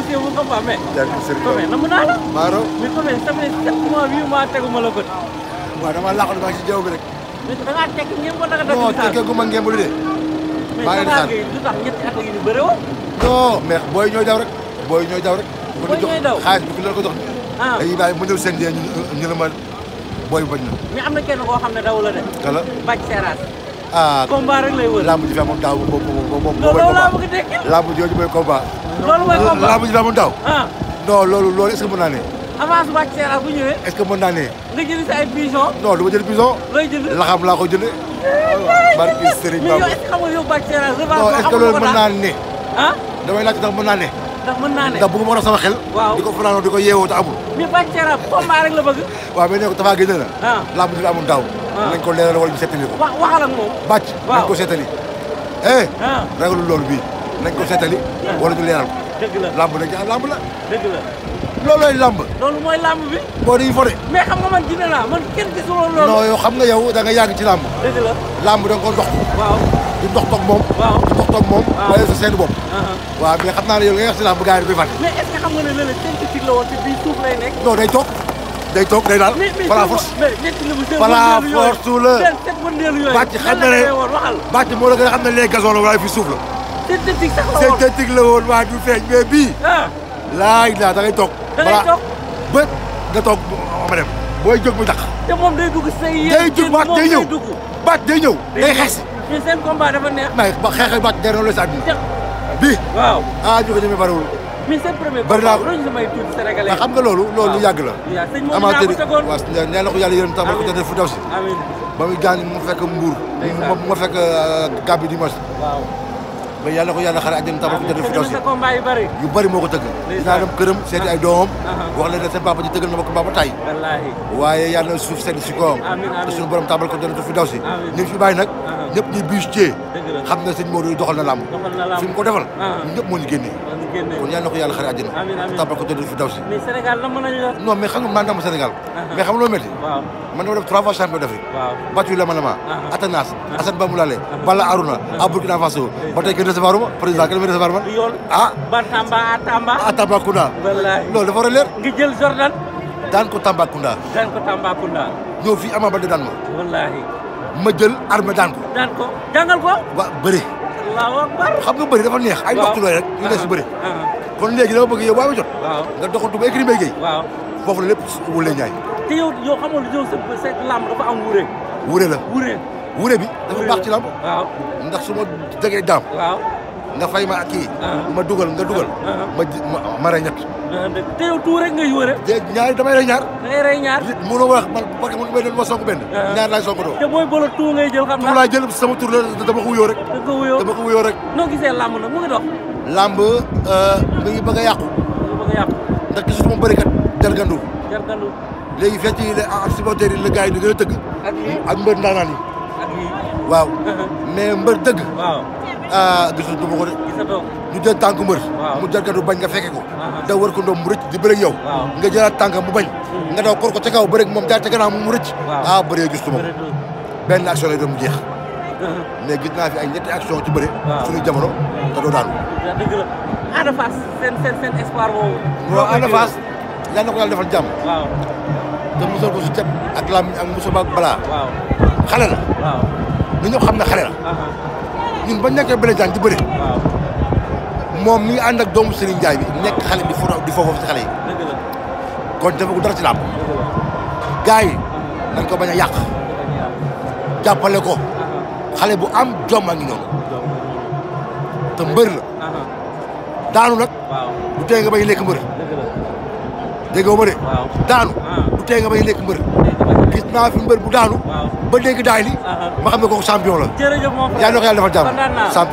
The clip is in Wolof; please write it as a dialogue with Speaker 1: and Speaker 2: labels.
Speaker 1: monsieur bu ko fa mais. jërëjëf sëriñ Ba mais namm naa la. maaro mi ko mais ça fait sept mois huit mois teguma la bët. waaw damaa laqatu maa ngi si jaww bi rek. mais da ngaa tekki ngeen ko naka. non tekkeeguma ngeen bu dee.
Speaker 2: maa ngi leen di mais
Speaker 1: du tax ñetti at yi di bëre woon. non mais booy ñooy daw rek. booy ñooy daw rek. booy ñooy daw xaalis bi fi la ko jox. ah dañuy bàyyi mu ñëw seen dee ñu ñu la ma booy bañ na. mais am na kenn koo xam ne daw la de. kala bàcc seeraas ah combat rek lay wër. làmb ji fi laa bëgg a dégg. làmb fi amoon daaw. Ah. loolu loolu est-ce mën naa ne. avance wàcc ñëwee. est-ce mën naa nga jënd si ay pigeon. non du ma jënd pigeon. looy jënd laxam laa ko jëndee. barki Serigne Bamba mais mën naa ne. ah damay laajte ndax xel. waaw ko fanaanoo di ko yeewoo te amul. mais wàcc seeraas combat la bëgg. waaw mais ko Tafa Gueye nee na. làmb ji amul daaw Ah. nañ ko leeral wala ñu seetali ko. wa waxal ak moom. bàcc nañ ko seetali. eh. Ah. ragalul loolu bii nañ ko seetali. Ah. wala ñu leeral ko. dëgg la lamb nag ah lamb la. dëgg la. loolooy lamb. loolu mooy lamb bi. boo di fore. mais xam nga man dina naa man kenn gisul woon loolu. non yow xam nga yow da nga yàgg ci lamb. dëgg la lamb da nga ko dox. waaw di dox toog moom. waaw di dox toog moom. waaw waaye sa seen bopp. waaw mais xam naa ne yow li nga wax ci lamb gars yi dañ koy fàtte. mais est ce que xam nga ne léeg-léeg scientifique la woon te bii suuf lay nekk. non day toog. day toog day daal. palaafos palaafos suul la. je xam na je bàcc moo la gën a xam ne lee fi suuf la. synthétique sax la woon synthétique la woon waaye du feeñ mais bii. laaj laa da ngay toog. dat ba nga toog ma dem booy jóg mu tax. te day dugg Je moet day moom day ñëw Je day ñëw day xees. seen combat dafa neex. ba xeexal bàcc delloo bi. Wow. waaw ah ñu ko ñemee bariwul. bëri naa ko xam nga loolu loolu yàgg la amateur waaw ñaan na ko yàlla yërëm tax ma ko jotee si ba muy gaañ mu fekk mbuur mu ma fekk euh, gàbbi dimanche mais yàlla ko yàlla xare ajjana tax ma ko jotee fu daw yu bëri moo ko tëgg dinaa dem këram seeti ay doomam wax leen ne na ma ko baba tay waaye yàlla suuf sedd si kawam te suñu borom ko jotee fu daw si ñu fi bàyyi nag ñëpp ñuy ci xam na sëñ Modou doxal na làmb fi mu ko defal ah. ñëpp moo ñu génnee kon yàlla na ko yàlla xare àjjana tabal ko jënd fi daw si mais Sénégal mais xam nga maa ngi am Sénégal ah. mais xam nga loo métti man dama def trois fois champion d'Afrique battu la ma la ma ah. Atanas Assane Bamboulale Bala Aruna à Burkina Faso ba tey kenn recevoir ma président kenn may recevoir man ah ba Tamba à Tamba à Tambacounda loolu dafa war a leer jël Jordan daan ko Tambacounda daan ko Tambacounda ñëw fii Ama Baldé daan ma ma jël arme daan ko. daan ko jàngal ko. waaw bëri. allahu dafa neex. ay waxtu rek ñu ne si bëri. Ah, ah, ah. kon léegi dama bëgg yow waa ma jot. nga doxantu ba écrit mbay géey. waaw foofu la lépp wule ñaay. te yow yow xamoon yow sa lamb dafa am wuure. wuure la wuure. wuure bi dafa baax ci lamb. waaw ndax su ma jegee daam. waaw. nga fay ma ak kii. Ah. ma dugal nga dugal. Ah. ma ji ma ma rey ñett. Ah, te yow tuur rek ngay wër. de ñaar damay rey ñaar. damay rey ñaar li mënoo wax man parce que man may doon ma song benn. ñaar laay song doo. te booy bolo tuur ngay jël xam naa. tuur laa jël sama tur la dama ko wuyoo rek. dama ko wuyoo rek. noo gisee làmb nag mu ngi dox. làmb euh, mi ngi bëgg a yàqu. mi ngi bëgg a ma bëri jargandu. léegi fecc yi la ak supporters la gars di gën a tëgg. ak mbër ndaanaan waaw mais mbër dëgg. waaw ah gis nga ko de. ñu jël tànk mbër. mu jargatu bañ nga fekke ko. da wër ko ndoom mu rëcc di bëre ak yow. nga jëlaat tànk mu bañ. nga daw kor ko ca kaw bëre ak moom jaar ca mu rëcc. ah bëree gis ko benn action lay doon jeex. mais gis naa fi ay ñetti action ci bëre. suñu jamono te doo daanu. dëgg la Ada Fass seen na ko yàlla defal jàmm. waaw te musal ko si xale la. na ñëpp xam ne xale la ñun bañ nekkee Béladiane di bëri moom mi ngi ak doomu Serigne Ndiaye bi nekk xale di foto di foofu ci xale yi kon defagu dara ci làmb gars yi nañ ko bañ a yàq jàppale ko xale bu am jom a ngi noonu te mbër la daanu nag du tee nga bañ lekk mbër dégg nga de daanu du tee nga bañ lekk mbër gis naa fi mbër bu daanu ba dégg daay li. Ah, ah. ma xam ne kooku champion la. jërëjëf moom yaa ngi ko yàlla defal jàmm champion.